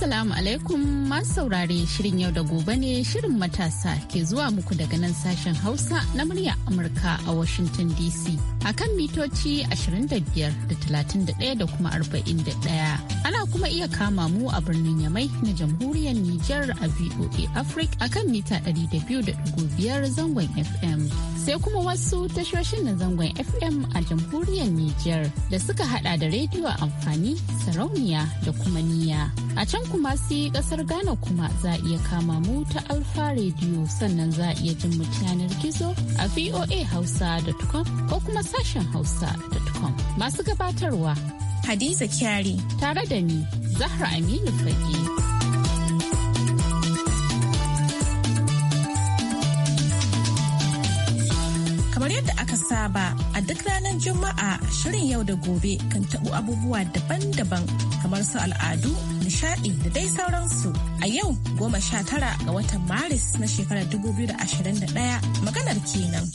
Assalamu alaikum masu saurare shirin yau da gobe ne shirin matasa ke zuwa muku daga nan sashen Hausa na murya Amurka a Washington DC a akan mitoci 25 da 31 da kuma 41. Ana kuma iya kama mu a birnin Yamai na jamhuriyar Nijar a VOA Africa kan mita 200.5 zangon FM. sai kuma wasu tashoshin na zangon FM a jamhuriyar Nijar da suka hada da rediyo amfani sarauniya da kuma niya. A can kuma si kasar Ghana kuma za iya kama mu ta Alfa rediyo sannan za iya jin mu yanar gizo a VOA Hausa.com ko kuma sashen Hausa Hausa.com. Masu gabatarwa Hadiza Kyari tare da ni Zahra Aminu Fage. ba a duk ranar Juma'a shirin yau da gobe kan taɓo abubuwa daban-daban kamar su al'adu, nishaɗi da dai sauransu. A yau goma sha tara ga watan Maris na shekarar 2021 maganar kenan.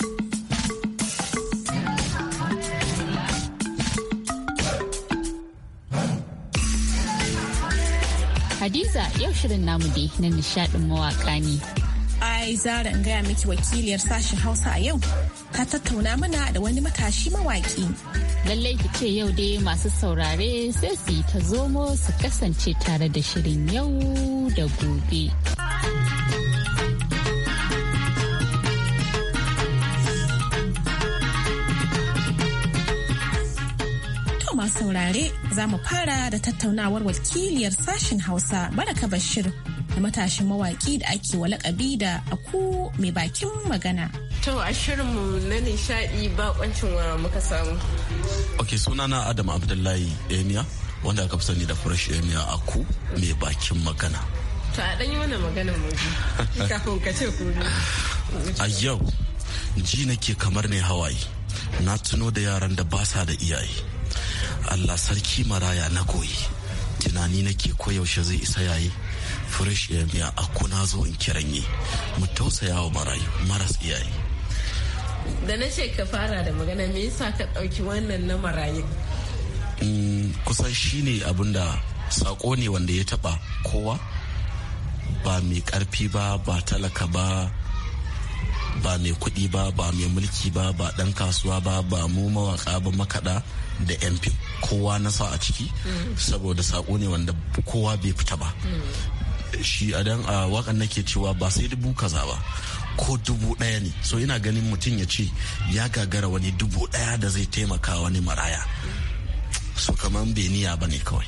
Hadiza yau shirin namu dai na nishaɗin mawaƙa ne. ai zara in gaya miki wakiliyar sashen hausa a yau ta tattauna mana da wani matashi mawaki lallai ki ce yau dai masu saurare sai su yi ta zomo su kasance tare da shirin yau da gobe. masu saurare za mu fara da tattaunawar wakiliyar sashen Hausa Baraka Bashir da matashin mawaki da ake walakabi da aku mai bakin magana. To a shirinmu na nishadi bakoncin wa muka samu. Ok sunana Adam Abdullahi Emiya wanda aka fi sani da Fresh Emiya aku mai bakin magana. To a ɗan yi mana magana mu kafin ka ce A yau ji nake kamar ne hawaye na tuno da yaran da ba sa da iyaye. Allah sarki maraya na koyi tunani nake koyaushe zai isa yayi. fresh ya biya ako na zo in kiran yi mu tausaya wa marayu maras iyaye da na ce ka fara da magana me yasa ka ɗauki wannan na marayu mm, kusan shine abun da sako ne wanda ya taba kowa ba mai karfi ba ba talaka ba ba mai kuɗi ba ba mai mulki ba ba ɗan kasuwa ba ba mu mawaka ba makaɗa da yan kowa na sa a ciki mm. saboda sako ne wanda kowa bai fita ba mm. shi a dan a wakan nake cewa ba sai dubu kaza ba ko dubu ɗaya ne so ina ganin mutum ya ce ya gagara wani dubu ɗaya da zai taimaka wani maraya so kamar beniya ba ne kawai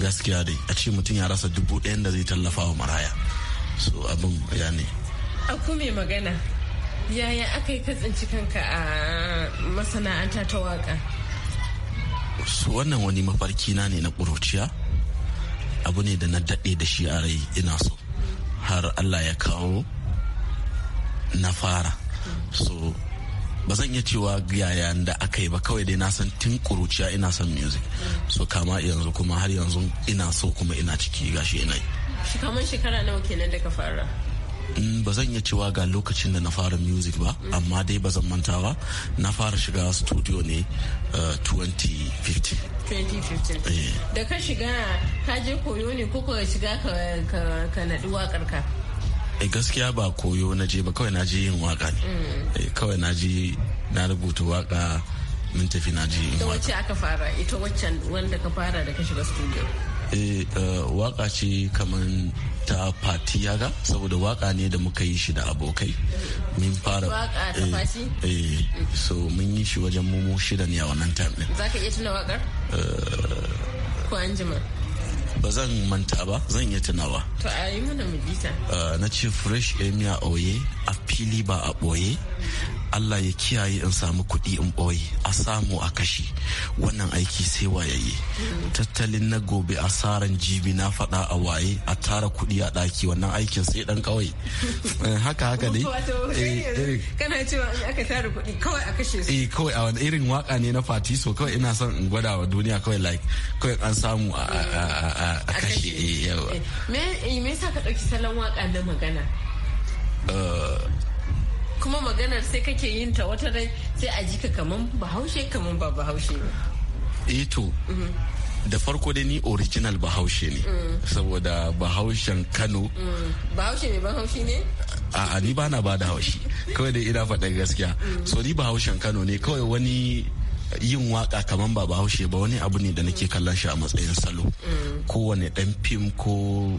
gaskiya dai a ce mutum ya rasa dubu ɗayan da zai tallafa wa maraya so abin ya ne mai magana yaya aka yi katsinci kanka a masana'anta ta waka wannan wani mafarkina ne na ƙuruciya abu ne da na daɗe da shi a rai ina so har allah ya kawo na fara so ba zan iya cewa yaya da aka yi ba kawai dai na san tun kuruciya ina son music so kama yanzu kuma har yanzu ina so kuma ina ciki gashi ina yi kamar shekara nawa kenan da ka fara mm, ba zan iya cewa ga lokacin da na fara music ba mm. amma dai ba zan mantawa na fara shiga studio ne 2015 eh, 2015 eh. da ka shiga ka je koyo ne ko ka shiga ka naɗi waƙar ka eh, gaskiya ba koyo na je ba kawai na je yin waka ne mm. eh, kawai na je na rubuta waka mun tafi na je yin waka wacce aka fara ita waccan wanda ka fara da ka shiga studio waka ce kamar ta fati yaga saboda waka ne da muka yi shi da abokai mm. mun fara waka ta fati eh so mun yi shi wajen momo shida ne a wannan time Za ka iya tuna wakar ko anjima. ba zan manta ba zan iya tunawa to a yi mana mujita eh, na ce fresh emia oye a fili ba a boye Allah ya kiyaye in samu kuɗi in ɓoye a samu a kashi wannan aiki sai wayaye tattalin na gobe asaran jibi na faɗa a waye a tara kuɗi a ɗaki wannan aikin sai ɗan kawai eh, haka haka eh, ne. Eh. kana cewa in aka tara kuɗi kawai a kashe su kawai a wani irin waka ne na fati so kawai ina son in gwada wa duniya kawai like kawai an samu a kashe me sa ka ɗauki salon waka na magana kuma maganar sai kake yin ta wata rai sai a jika kaman bahaushe kaman ba bahaushe ba eh to. da farko dai ni original bahaushe ne saboda bahaushen kano mm. bahaushe ne bahaushe ne a ni ba na ba da haushi kawai dai ina faɗa gaskiya so ni bahaushen kano ne kawai wani yin waka kaman ba bahaushe ba wani abu ne da nake kallon shi a matsayin salo mm. kowane dan fim ko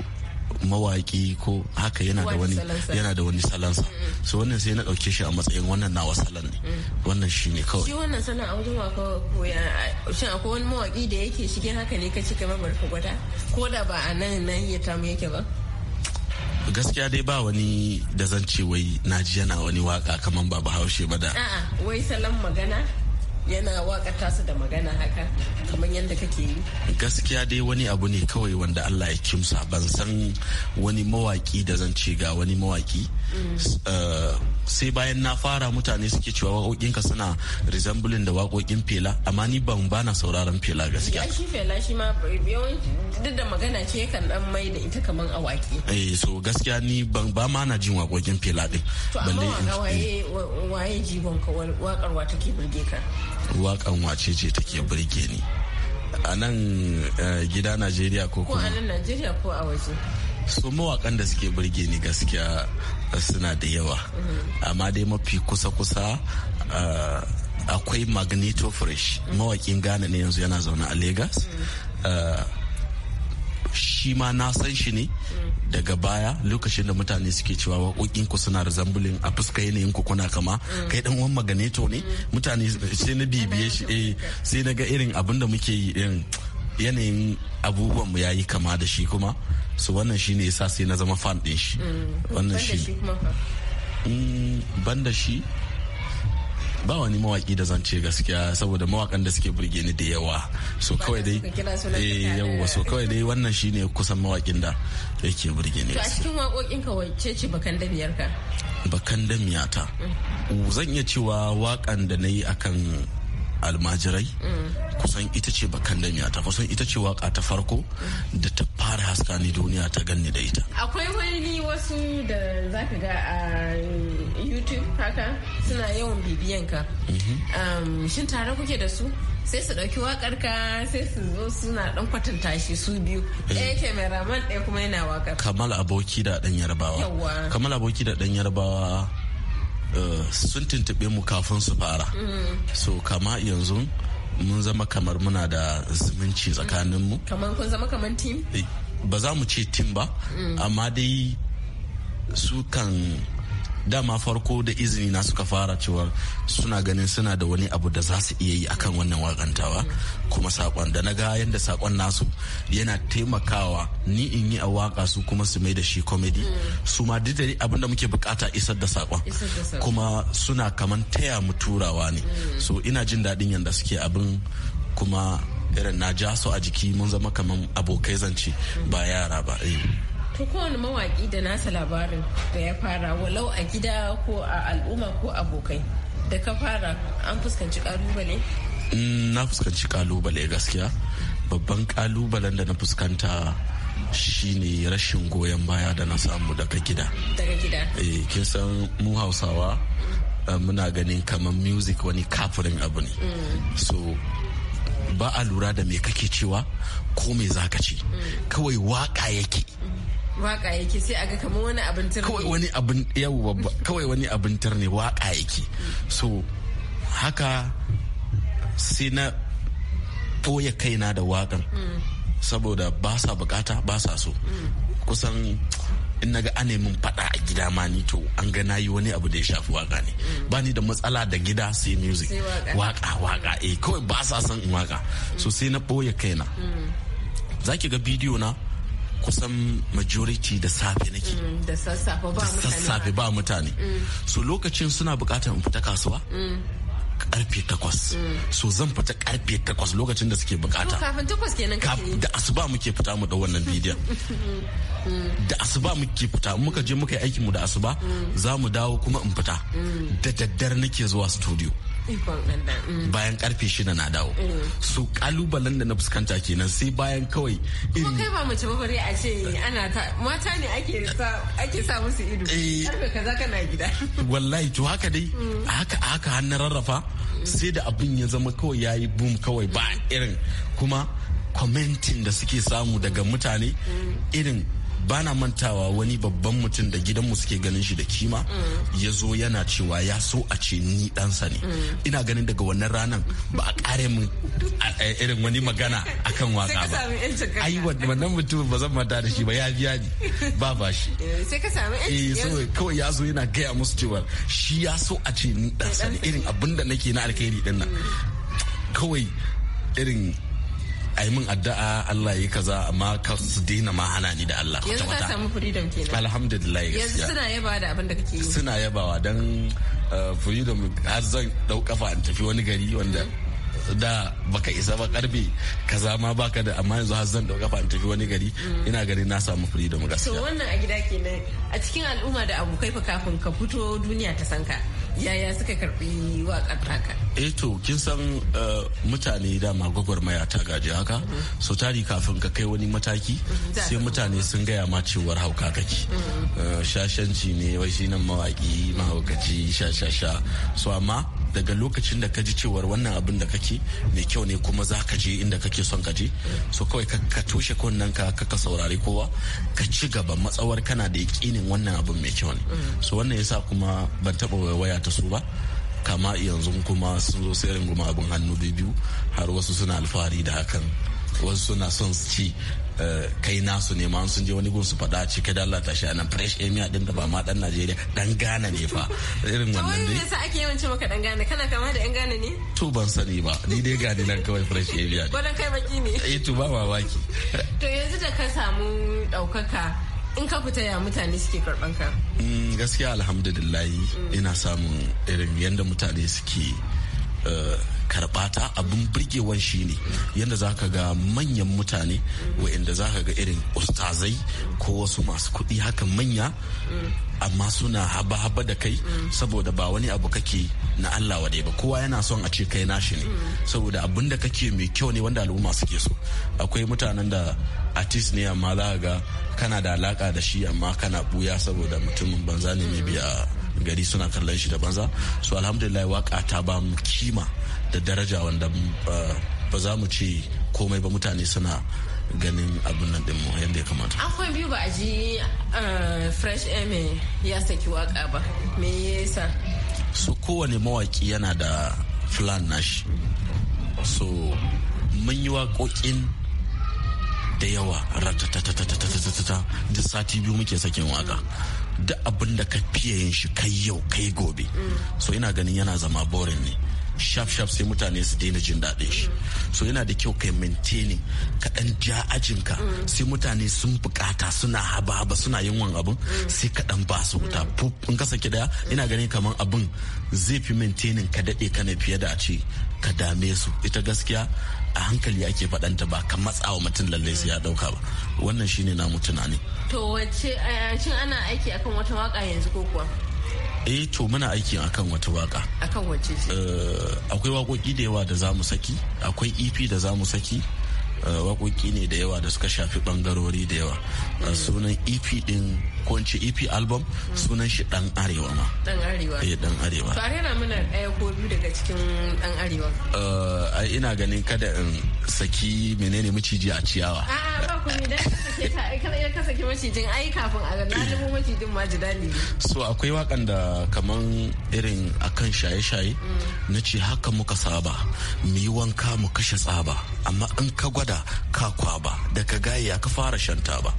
mawaki ko haka yana da wani yana da wani salansa mm, mm. so wannan sai na dauke shi a matsayin wannan nawa salan ne mm. wannan shi ne kawai shi wannan salan a wajen waka ya shin akwai wani mawaki da yake shige haka ne ka cika mamar ka gwada ko da ba a nan nan ya tamu yake ba gaskiya dai ba wani da zan ce wai naji yana wani waka kaman ba haushe ba da a'a wai salan magana yana waka tasa da magana haka kamar yadda kake yi gaskiya dai wani abu ne kawai wanda Allah ya kimsa ban san wani mawaki da zan ce ga wani mawaki mm. eh, sai bayan na fara mutane suke cewa waƙoƙinka suna resembling da waƙoƙin fela amma ni ban bana sauraron fela gaskiya shi fela shi ma duk da magana ce kan dan mai da ita kaman awaki eh so gaskiya ni ban ba ma na jin waƙoƙin fela din to amma eh. waye waye jibon ka waƙar wa take burge ka wakan wace ce take burge ni a nan eh, gida najeriya ko kuma a nan najeriya ko a waje so mawakan da suke burge ni gaskiya suna da yawa mm-hmm. amma dai mafi kusa-kusa eh, akwai magneto fresh mm-hmm. mawakin ghana ne yanzu yana zaune a Legas. Mm-hmm. Eh, shi ma na san shi ne daga baya lokacin da mutane suke cewa waƙoƙin ku suna da zambulin a fuska yanayin ku kuna kama kai dan uwan maganeto ne mutane sai na bibiye shi eh sai na ga irin abin da muke yi din yanayin abubuwan mu yayi kama da shi kuma su wannan ne yasa sai na zama fan ɗin shi mm. wannan shi banda shi ba wani mawaki da zan ce gaskiya saboda mawakan da suke burge ni da yawa so kawai dai eh yawa so kawai dai wannan shine kusan mawakin da yake burge ni to a cikin wakokin ka wace ce bakan damiyar ka bakan ta. Mm. zan iya cewa wakan da nayi akan almajirai mm. kusan ita ce bakan damiya ta kusan ita ce waka ta farko mm. da ta fara haska ni duniya ta ganni da ita akwai wani wasu da zaka ga a youtube haka suna yawan bibiyan ka um, shin tare kuke da su sai su ɗauki wakar ka sai su zo suna ɗan kwatanta shi su biyu ɗaya cameraman eh. ɗaya kuma yana wakar kamal aboki da ɗan yarbawa kamal aboki da ɗan yarbawa eh, sun tuntuɓe mu kafin su fara mm. so kama yanzu mun zama kamar muna da zumunci tsakaninmu kamar kun zama kamar team eh, ba za mu ce tim ba mm. amma dai su kan dama farko da izini na suka fara cewa suna ganin suna da wani abu da za su iya yi akan wannan wakantawa kuma sakon da na ga yadda sakon nasu yana taimakawa ni in yi a waka su kuma su mai da shi komedi su ma abin abinda muke bukata isar da sakon kuma suna kaman taya mu turawa ne mm. so ina jin daɗin yadda suke abin kuma irin na ja su a jiki mun zama kaman abokai zance ba yara ba eh. To kowane mawaƙi da nasa labarin da ya fara walau a gida ko a al'umma ko abokai da ka fara an fuskanci ƙalubale? Mm, na fuskanci ƙalubale gaskiya. Babban ƙalubalen da na fuskanta shine rashin goyon baya da na samu daga gida. Eh, kin san mu Hausawa eh, muna ganin kamar music wani kafirin abu ne. Mm. So ba a lura da me kake cewa ko me zaka ce mm. kawai waka yake waka yake sai aga kamar wani abin tar kawai wani abin yawa kawai wani abin ne waka yake so haka sai na ɓoye kaina da wakan saboda ba sa bukata ba sa so kusan in naga ana min fada a gida ma ni to an ga nayi wani abu da ya shafi waka ne ba ni da matsala da gida sai music waka waka eh kawai ba sa son in waka so sai na ɓoye kaina zaki ga bidiyo na kusan majority da safe nake mm, da sassafe ba mutane mm. so lokacin suna bukatar in fita kasuwa mm. karfe takwas so zan fita karfe takwas lokacin da suke bukata kafin takwas kenan da asuba muke fita mu da wannan bidiyon da asuba muke fita muka je muka yi aikin mu da asuba za mu dawo kuma in fita da daddare nake zuwa studio Mm. bayan karfe shida na dawo mm. su kalubalen da na fuskanta kenan sai bayan kawai irin kai ba mace bare a ce ana ta mata ne ake sa ake sa musu ido eh. karfe kaza kana gida wallahi to haka dai haka haka hannun na rarrafa sai da abin ya zama kawai yayi boom kawai ba irin kuma commenting da suke samu daga mutane mm. irin Bana mantawa wani babban mutum da gidanmu suke ganin shi da kima mm. ya zo yana cewa ya so a ce ni ɗansa ne mm. ina ganin daga wannan ranar ba a kare mu irin wani magana akan waka ba ai wannan mutum ba zan manta da shi ba ya biya ni ba ba shi eh, sai ka samu eh, kawai ya zo yana gaya musu cewa shi ya so a ce ni ɗansa ne irin abin da nake na alkhairi din nan mm. kawai irin yi min addu'a Allah ya kaza amma ka su daina ma hana ni da Allah yanzu ka samu freedom kenan alhamdulillah yanzu suna yabawa da abin da kake yi suna yabawa dan uh, freedom har zan dau kafa in tafi wani gari wanda mm-hmm. da baka isa ba karbe kaza ma baka da amma yanzu har zan kafa in tafi wani gari mm. ina gari na samu freedom gaskiya to wannan a gida kenan a cikin al'umma da abokai fa kafin ka fito duniya ta sanka. yaya suka karbi waƙar taka eh to kin san eh, mutane dama gwagwarmaya ta gaji haka so tari kafin ka kai wani mataki mhm. sai mutane sun gaya ma cewar hauka kake mhm. eh, shashanci ne wai shi nan mawaki mahaukaci sha sha sha so amma daga lokacin da ka ji cewar wannan abin da kake mai kyau ne kuma za ka je inda kake son ka je so kawai ka toshe kunnen ka ka saurari kowa ka ci gaba matsawar kana da yakinin wannan abin mai kyau ne mm. so wannan yasa kuma ban taba waya ta su ba kama yanzu kuma sun zo sai abin hannu biyu har wasu suna alfahari da hakan wasu suna son su ci eh, kai nasu ne ma sun je wani gun su faɗa ci kai da Allah shi anan fresh emia din da ba ma dan Najeriya dan Ghana ne fa irin wannan dai yasa ake yawan maka dan Ghana kana kama da yan Ghana ne to ban sani ba ni dai gani nan kawai fresh emia ne godan kai baki ne eh to ba mamaki to yanzu da ka samu daukaka in ka fita ya mutane suke karban ka mm, gaskiya alhamdulillah mm. ina samun irin yanda mutane suke karbata abin birgewan shi ne yadda za ka ga manyan mutane wa'inda za ka ga irin ustazai ko wasu masu kuɗi haka manya amma suna haba-haba da kai saboda ba wani abu kake na Allah wadai ba kowa yana son a ce kai nashi ne saboda abin da kake mai kyau ne wanda al'umma suke so akwai mutanen da artist ne amma za ga kana da alaka da shi amma kana buya saboda mutumin banza ne mai biya gari suna kallon shi da banza so alhamdulillah waka ta ba mu kima da daraja wanda uh, ba za mu ce komai ba mutane suna ganin abin nan mu yadda ya kamata. Akwai biyu ba a ji uh, fresh air mai ya saki waka ba. Me yasa? So kowane mawaki yana da plan nashi. So mun yi waƙoƙin da yawa ratatatatatatata duk sati biyu muke sakin waka da abin da ka fiye yin shi kai yau kai gobe so ina ganin yana zama borin ne shaf shaf sai mutane su daina jin daɗin shi so yana da kyau kai maintaining ka ɗan ja ajinka sai mutane sun bukata suna haba haba suna yin wani abin sai ka ɗan ba su wuta in ka saki daya ina ganin kamar abin zai fi maintaining ka daɗe ka na fiye da a ce ka dame su ita gaskiya a hankali ake faɗanta ba ka matsa wa mutum lallai sai ya ɗauka ba wannan shine na namu tunani. to wace eh, shin ana aiki akan wata waka yanzu ko kuwa. eh to muna aiki akan wata waka akan wace ce eh, akwai wakoki da yawa da za mu saki akwai ep da za mu saki Eh, waƙoƙi ne da yawa da suka shafi ɓangarori da yawa eh, sunan ep din kwanci ep album sunan shi dan arewa ma dan arewa eh dan arewa to arena mana ɗaya ko biyu daga cikin dan arewa eh, ina ganin kada in saki menene maciji a ciyawa A'a, ba ku ne dan ka saki macijin ai kafin a na nemo macijin ma jidali so akwai wakan da kaman irin akan shaye-shaye mm. na ce haka muka saba mu yi wanka mu kashe tsaba amma in ka gwada ka kwaba daga gaya ka fara shanta ba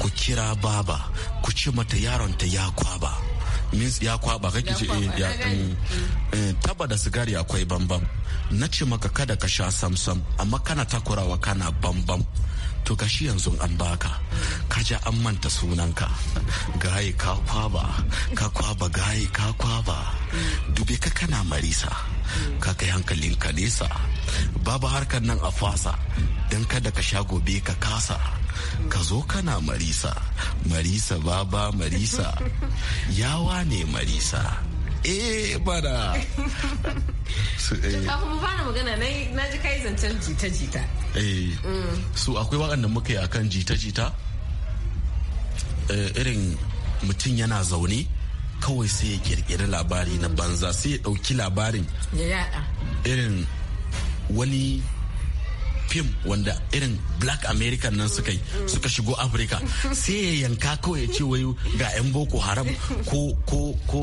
ku kira baba ku ci mata yaronta ya kwaba means ya kwaba kake ce eh, ya mm, eh, taba da sigari akwai bambam na ce maka kada ka sha samsam amma kana takurawa kana bambam to gashi yanzu an baka ka an manta sunanka gaye ka kwaba ka kwaba gaye ka kwaba dube ka kana marisa ka kai hankalin ka nesa babu harkar nan a fasa Dan kada ka sha gobe ka kasa ka zo kana marisa marisa baba marisa yawa ne marisa eh bana eh. kafin mu fara magana na ji kai zancen jita-jita eh mm. so akwai waɗanda muka yi akan jita-jita eh, irin mutum yana zaune kawai sai ya kirkiri labari na banza sai ya ɗauki labarin irin wani fim wanda irin black american nan suka yi suka shigo afirka sai ya yanka kawai ya ce wai ga 'yan boko haram ko ko ko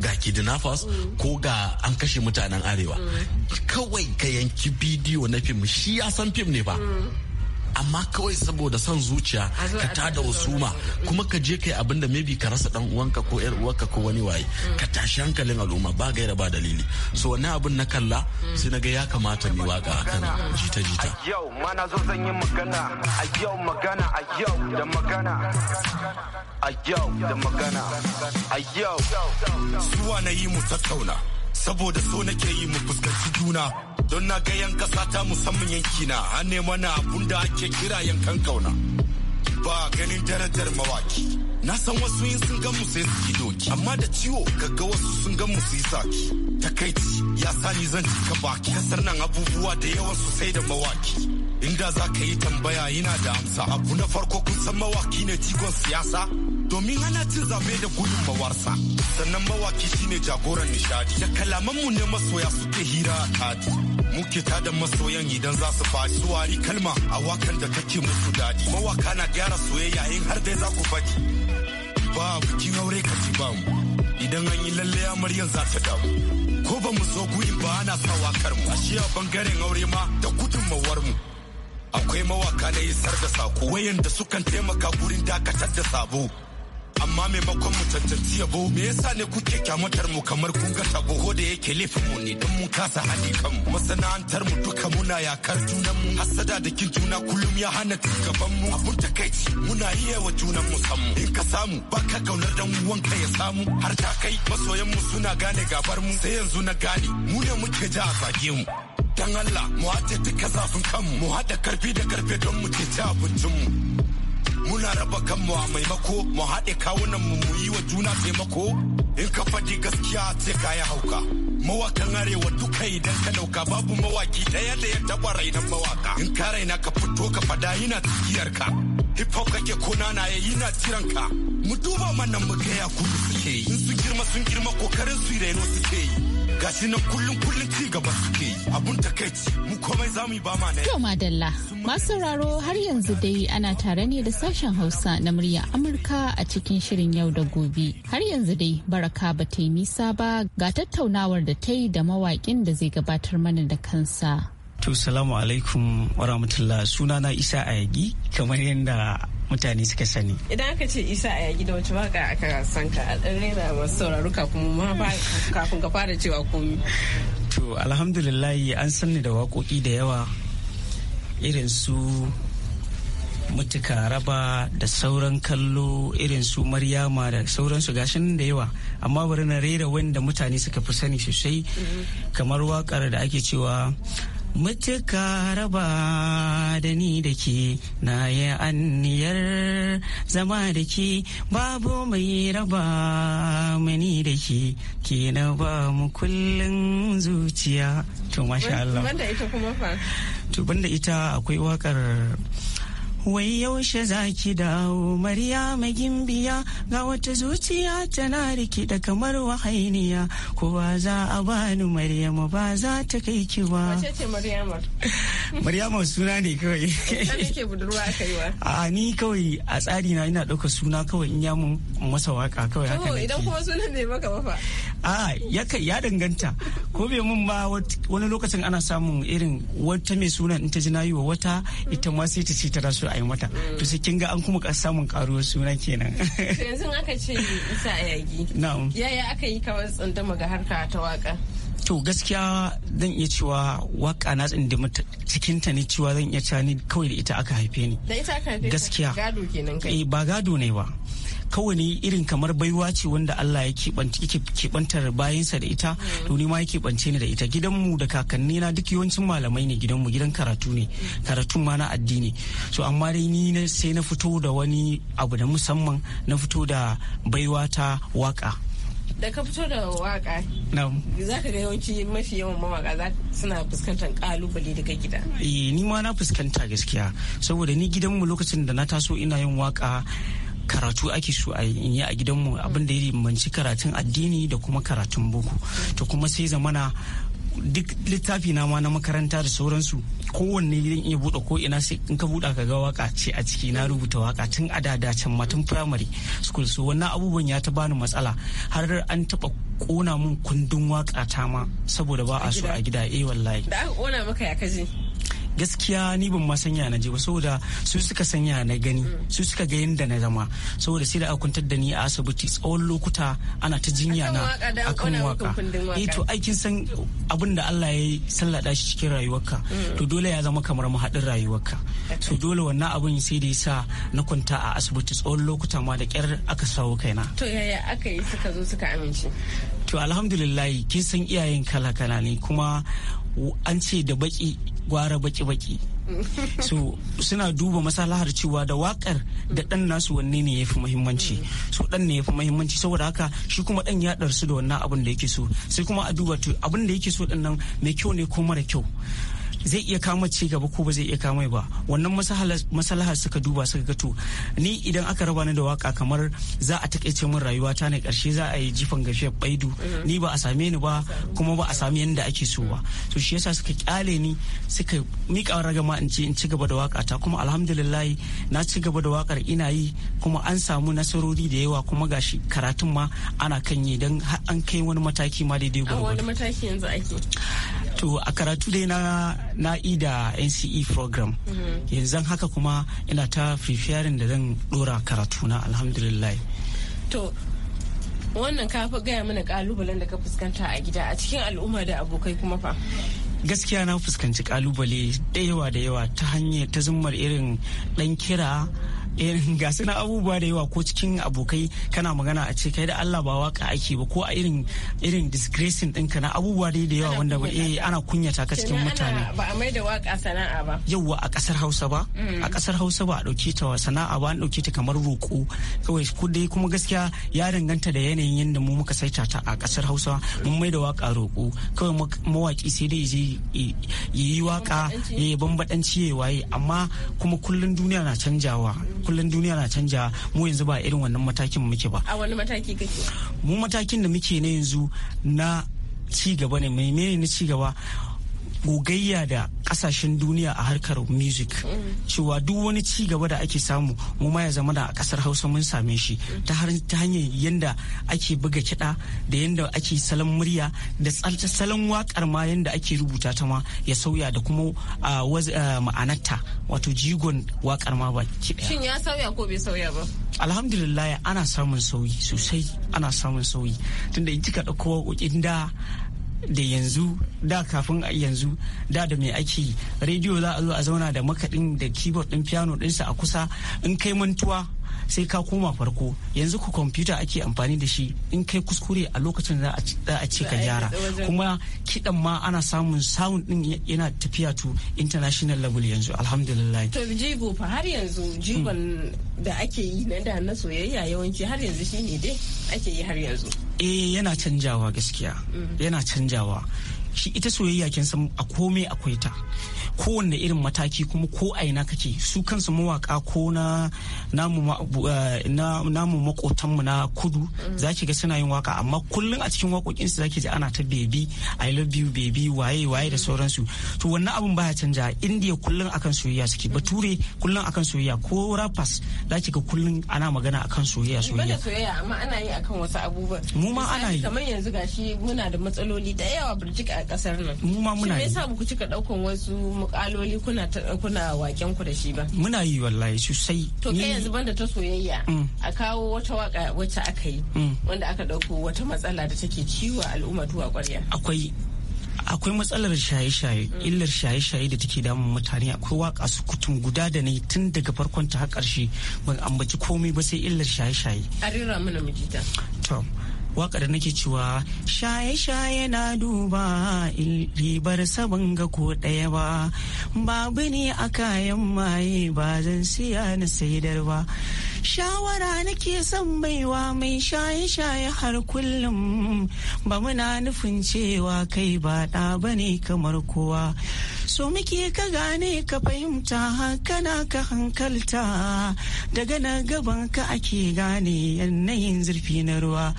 ga kidnappers ko ga an kashe mutanen arewa kawai ka yanki bidiyo na fim shi ya san fim ne ba amma kawai saboda son zuciya ka tada husuma kuma ka je kai abin da maybe ka rasa dan uwanka ko yar uwarka ko wani waye mm. ka tashi hankalin al'umma ba gaira ba dalili so wani abin na kalla mm. sai na ga ya kamata mu waka akan jita jita a yau mana zan yi magana a yau magana a yau da magana a yau da magana a yau zuwa na mu tattauna saboda so nake yi mu fuskanci juna don na ga yan kasa ta musamman yankina an nema na abun da ake kira yankan kauna ba ganin darajar mawaki na san wasu yin sun gan sai su yi doki amma da ciwo kaga wasu sun gan su yi saki takaici ya sani zan cika baki kasar nan abubuwa da yawan su sai da mawaki inda za ka yi tambaya yana da amsa abu na farko kun san mawaki ne jigon siyasa domin ana cin zaɓe da gudun mawarsa sannan mawaki shine jagoran nishadi da kalamanmu ne masoya suke hira a kadi muke da masoyan idan za su faɗi suwari kalma a wakan da kake musu daɗi mawaka na gyara soyayya in har dai za ku faɗi ba bikin aure ka ci ba idan an yi lalle amaryan za ta damu ko ba mu zo guyin ba ana sa wakar mu ashe a bangaren aure ma da mawar mu akwai mawaka na isar da sako wayanda sukan taimaka gurin dakatar da sabo amma maimakon mu tantance yabo me yasa ne kuke kyamatar mu kamar kun ga taboho da yake laifin mu ne don mun kasa kan kanmu masana'antar mu duka muna yakar junan mu hasada da kin juna kullum ya hana gaban mu abun takaici muna iya wa junan mu mu in ka samu baka kaunar dan wanka ya samu har ta kai masoyan mu suna gane gabar mu sai yanzu na gane mu ne muke ja a zage mu dan Allah mu haɗe duka zafin kanmu mu haɗa karfi da karfe don mu ceci abincinmu muna raba kanmu a maimako mu haɗe kawunan mu mu yi wa juna taimako in ka faɗi gaskiya sai ka yi hauka mawakan arewa duka idan ka ɗauka babu mawaki ɗaya da ya taɓa rainan mawaka in ka raina ka fito ka fada yana tsakiyar ka hip hop kake ko nana yayi na jiran ka mu duba mana mu gaya kudu suke yi in sun girma sun girma kokarin su reno suke yi gashi na kullum kullum ci gaba suke yi abun takaici mu komai zamu yi ba ma ne. yau madalla masu sauraro har yanzu dai ana tare ne da sashen hausa na muryar amurka a cikin shirin yau da gobe har yanzu dai baraka ba ta yi nisa ba ga tattaunawar da ta yi da mawakin da zai gabatar mana da kansa To salamu alaikum warahmatullah suna na isa ayagi kamar yadda mutane suka sani. Idan aka ce Isa a gida wacce waka aka san ka a ɗan rera masu sauraro kafin ka fara cewa komi. To alhamdulillahi an san ni da waƙoƙi da yawa irin su mutuka raba da sauran kallo irin su maryama da sauran su gashin da yawa amma bari na rera wanda mutane suka fi sani sosai mm-hmm. kamar wakar da ake cewa Mace ka raba da ni da ke na yi anniyar zama da ke babu mai raba mani da ke ke na ba mu kullum zuciya. To masha Allah. Banda ita kuma fa? To banda ita akwai wakar wai yaushe za ki dawo maryama gimbiya ga wata zuciya tana rikida kamar wahainiya kowa za a bani maryama ba za ta kai ki ba maryama suna ne kawai a ni kawai a tsari na ina ɗauka suna kawai in yamu masa waka kawai haka idan kuma sunan ne maka ba a ya danganta ko bai mun ba wani lokacin ana samun irin wata mai sunan in ta ji na yi wa wata ita ma sai ta ce ta rasu a yi mata to sai kin ga an kuma samun karuwar suna kenan yanzu aka ce isa yagi na'am yaya aka yi kawai tsandama ga harka ta waka to gaskiya zan iya cewa waka na mata cikin cikinta ne cewa zan iya cewa ni kawai da ita aka haife ni da ita aka haife gaskiya gado kenan kai eh, ba gado ne ba kawai irin kamar baiwa ce wanda Allah ya keɓantar bayansa da ita to ni ma ya keɓance ni da ita gidanmu da kakanni na duk yawancin malamai ne gidanmu gidan karatu ne karatun ma na addini so amma dai ni sai na fito da wani abu da musamman na fito da baiwa ta waka da ka fito da waka za ka ga yawanci mafi yawan mawaka suna fuskantar kalubale daga gida eh ni ma na fuskanta gaskiya saboda ni gidanmu lokacin da na taso ina yin waka karatu ake so a yi a gidanmu abin da ya manci karatun addini da kuma karatun boko to kuma sai zamana duk littafi na ma na makaranta da sauransu kowanne zan iya buɗe ko ina sai in ka buɗa ka ga waka ce a ciki na rubuta waka tun a dadacen matan primary school so wannan abubuwan ya ta bani matsala har an taɓa kona mun kundin waka ta ma saboda ba a so a gida eh wallahi da aka kona maka ya kaji gaskiya ni ban ma sanya na je ba saboda su suka sanya na gani su suka ga yadda na zama saboda sai da aka kwantar da ni a asibiti tsawon lokuta ana ta jinya na akan waka eh to aikin san abin da Allah ya sallada shi cikin rayuwarka mm. to dole ya zama kamar hadin rayuwarka so dole wannan abin sai da yasa na kwanta a asibiti tsawon lokuta ma da kyar aka sawo kaina to yaya aka yi suka zo suka amince to alhamdulillah kin san iyayen kala kala ne kuma an ce da baki gwara baki-baki so suna duba masalahar cewa da wakar da dan nasu wanne ne ya fi muhimmanci so dan ne ya fi muhimmanci saboda haka shi kuma dan ya darsu da wannan abin da yake so sai kuma a duba to abin da yake so dan nan mai kyau ne ko mara kyau zai iya kama ci gaba ko ba zai iya kama ba wannan masalaha suka duba suka ga to ni idan aka raba ni da waka kamar za a takaice min rayuwa ta ne karshe za a yi jifan gafiyar baidu mm-hmm. ni ba a same ni ba kuma ba a sami yanda ake so ba to shi yasa suka kyale ni suka mika ragama in ce in ci gaba da waka ta kuma alhamdulillah na ci gaba da wakar ina yi kuma an samu nasarori da yawa kuma gashi karatun ma ana kan yi don an kai wani mataki ma daidai gwamnati wani mataki yanzu ake to a karatu dai na ida nce program mm-hmm. yanzu haka kuma ina ta fifiyarin da zan dora karatu na alhamdulillah to wannan ka gaya mana kalubalen da ka fuskanta a gida a cikin al'umma da abokai kuma fa gaskiya na fuskanci kalubale da yawa da yawa ta hanyar ta zummar irin dan kira Eh, ga suna abubuwa da yawa ko cikin abokai kana magana a ce kai da Allah ba waka ake ba ko a irin irin disgracing ɗinka na abubuwa dai da yawa wanda ba eh ana kunyata ka cikin mutane ba a mai da waka sana'a ba yawa a kasar mm. Hausa ba a kasar Hausa ba a dauke ta sana'a ba an dauke ta kamar roko kawai ku dai kuma gaskiya ya danganta da yanayin yadda mu muka saita ta a kasar Hausa mun mai da waka roko kawai mawaki sai dai je yi waka ya bambadanci ya waye amma kuma kullun duniya na canjawa kullum duniya na canja mu yanzu ba irin wannan matakin muke ba a wani mataki kake mu matakin da muke na yanzu na ci gaba ne mai ne ci gaba gogayya da kasashen duniya a harkar music cewa duk wani ci gaba da ake samu mu ma ya zama da a kasar hausa mun same shi ta hanyar yadda ake buga kiɗa da yadda ake salon murya da salon wakar ma yadda ake rubuta ta ma ya sauya da kuma ma'anarta wato jigon wakar ma ba shin ya sauya ko bai sauya ba alhamdulillah ana samun sauyi sosai ana samun sauyi tunda in kika ɗauko inda da yanzu da kafin yanzu da da mai ake rediyo za a zo a zauna da makaɗin da keyboard ɗin piano ɗinsa a kusa in kai mantuwa sai ka koma farko yanzu ku kwamfuta ake amfani da shi in kai kuskure a lokacin da za a ce ka gyara kuma kiɗan ma ana samun sound din yana tafiya to international level yanzu alhamdulillah to jigo fa har yanzu jigon hmm. da ake yi na da na soyayya yawanci har yanzu shine dai ake yi har yanzu eh yana canjawa gaskiya hmm. yana canjawa shi ita soyayya kin san a komai akwai ta kowanne irin mataki kuma ko aina kake su kansu mawaka ko na namu makotanmu eh, na kudu mm. za ki ga suna yin waka amma kullum a cikin waƙoƙinsu za ki ji ana ta bebi i love you bebi waye waye da sauransu to wannan abun baya canja indiya kullum akan soyayya suke bature kullum akan soyayya ko rappers za ki ga kullum ana magana akan soyayya soyayya soyayya amma ana yi akan wasu abubuwa mu ma ana yi kamar yanzu gashi muna da matsaloli da yawa birjika a kasar nan mu ma muna yi me ku cika daukan wasu mukaloli kuna kuna waken ku da shi ba muna yi wallahi sosai to kai yanzu banda ta soyayya mm. a kawo wata waka wacce aka yi mm. wanda aka dauko wata matsala da take ciwo al'umma tuwa kwarya akwai akwai matsalar shaye-shaye mm. illar shaye-shaye da take damun mutane akwai waka su kutum guda da ne tun daga farkon ta har karshe ban ambaci komai ba sai illar shaye-shaye a rera mana mijita to waƙar nake cewa shaye-shaye na duba ribar saban ga ko ɗaya ba babu ne a kayan maye ba zan siya na saidar ba shawara nake son baiwa mai shaye-shaye har kullum ba muna nufin cewa kai ba ɗa ba ne kamar kowa so muke ka gane ka fahimta kana ka hankalta daga na gaban ka ake gane yanayin zurfi na ruwa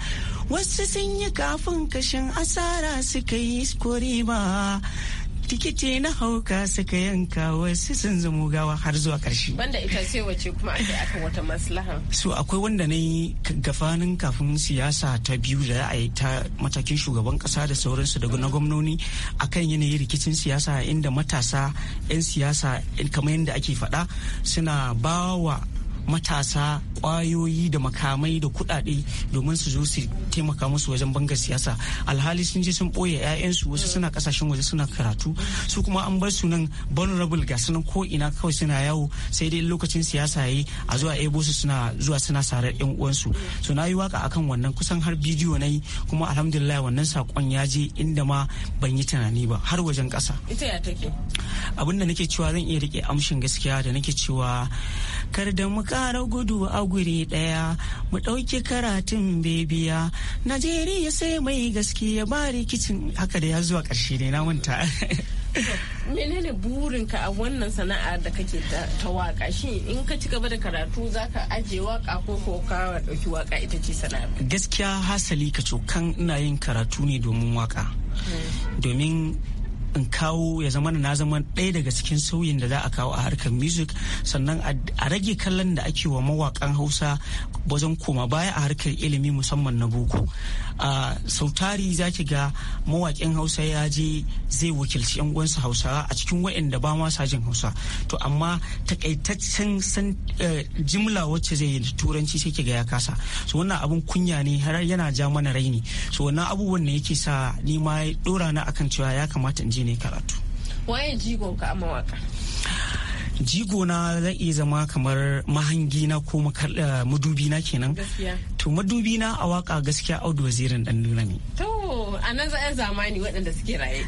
wasu sun yi kafin kashin asara suka yi skori ba tikiti na hauka suka yanka wasu sun zamo gawa har zuwa karshe banda ita sai wace kuma ake aka wata maslaha so akwai wanda na yi gafanin kafin siyasa ta biyu da a yi ta matakin shugaban kasa da sauransu daga na gwamnoni akan yanayin rikicin siyasa inda matasa 'yan siyasa kamar yadda ake faɗa suna bawa matasa kwayoyi da makamai da kuɗaɗe domin su zo su taimaka musu wajen banga siyasa alhali sun je sun ɓoye 'ya'yansu wasu suna kasashen waje suna karatu su kuma an bar su nan vulnerable ga sunan ko ina kawai suna yawo sai dai lokacin siyasa yayi a zuwa ebo su suna zuwa suna sarar yan uwansu so na yi waka akan wannan kusan har bidiyo na yi kuma alhamdulillah wannan sakon ya je inda ma ban yi tunani ba har wajen kasa ita ya take abinda nake cewa zan iya rike amshin gaskiya da nake cewa kar da muka ƙara gudu a guri daya mu ɗauki karatun bebiya najeriya sai mai gaskiya ba rikicin haka da ya zuwa karshe ne na wanta menene burinka a wannan sana'a da kake ta waka shi in ka ci gaba da karatu zaka aje waka ko ko ka dauki waka ita ce sana'a gaskiya hasali ka cokan ina yin karatu ne domin waka hmm. domin in kawo ya zama na zama ɗaya daga cikin sauyin da za a kawo a harkar music sannan a rage kallon da ake wa mawaƙan hausa wajen koma baya a harkar ilimi musamman na boko a sautari za ki ga mawaƙin hausa ya je zai wakilci yan uwansa hausawa a cikin waɗanda ba ma jin hausa to amma takaitaccen san eh, jimla wacce zai yi turanci sai ki ga ya kasa so wannan abun kunya ne har yana ja mana raini so wannan abubuwan ne yake sa ni ma dora na akan cewa ya kamata in je ne karatu waye jigon ka mawaka jigo na zai iya zama kamar mahangi na ko eh, madubi na kenan to madubi na a waka gaskiya audu wazirin dan nuna ne to a nan za'yan zamani waɗanda suke raye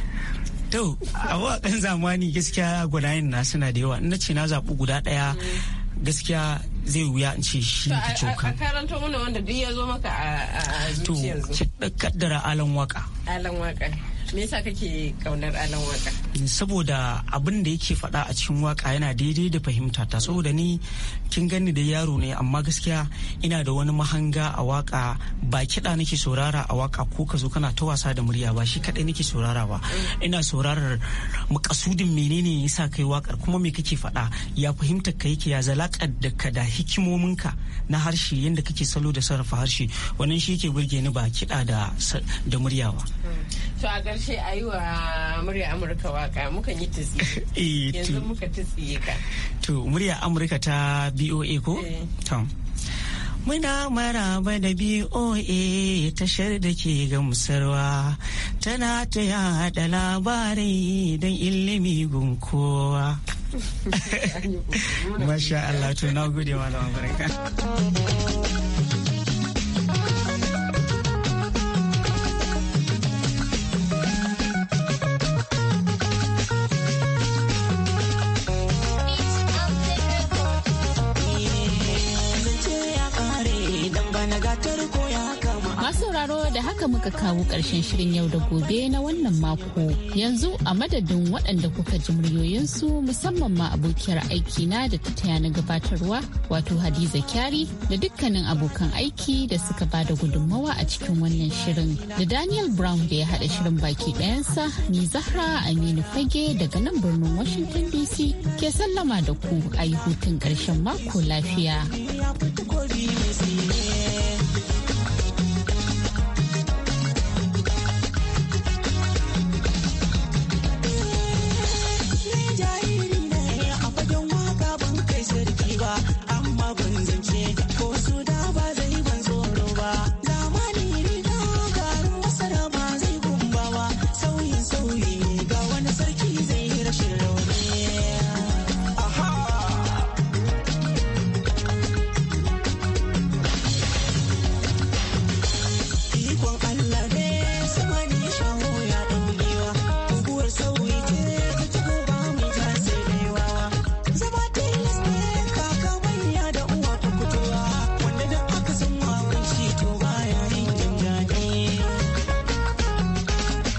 to a waƙan zamani gaskiya gwanayen na suna da yawa na ce na zaɓi guda ɗaya mm. gaskiya zai wuya in ce shi ka To A karanto mana wanda duk ya zo maka a zuciyar To, kaddara alan waka. Alan waka. me yasa kake kaunar alan waka saboda abin da yake faɗa a cikin waka yana daidai da fahimta ta saboda ni kin gani da yaro ne amma gaskiya ina da wani mahanga a waka ba kiɗa nake saurara a waka ko ka zo kana ta wasa da murya ba shi kaɗai nake saurara ba ina saurarar makasudin menene yasa kai wakar kuma me kake faɗa ya fahimta ka yake ya zalakar da ka da hikimominka na harshe yadda kake salo da sarrafa harshe wannan shi yake burge ni ba kiɗa da murya ba To a ƙarshe a yi wa murya Amurka waka eh, muka yi tsiye. Yanzu muka tsiye ka. To murya Amurka ta BOA ko? Eh. Tom. Muna maraba da BOA tashar da ke gamsarwa tana ta yada labarai don ilimi gun kowa. Masha Allah to na gode malam Barka. sauraro da haka muka kawo ƙarshen shirin yau da gobe na wannan mako. Yanzu a madadin waɗanda kuka ji muryoyinsu musamman ma abokiyar aiki na da ta taya na gabatarwa wato Hadiza Kyari da dukkanin abokan aiki da suka ba da gudunmawa a cikin wannan shirin. Da Daniel Brown da ya haɗa shirin baki ɗayansa ni Zahra Aminu Fage daga nan birnin Washington DC ke sallama da ku a yi hutun ƙarshen mako lafiya.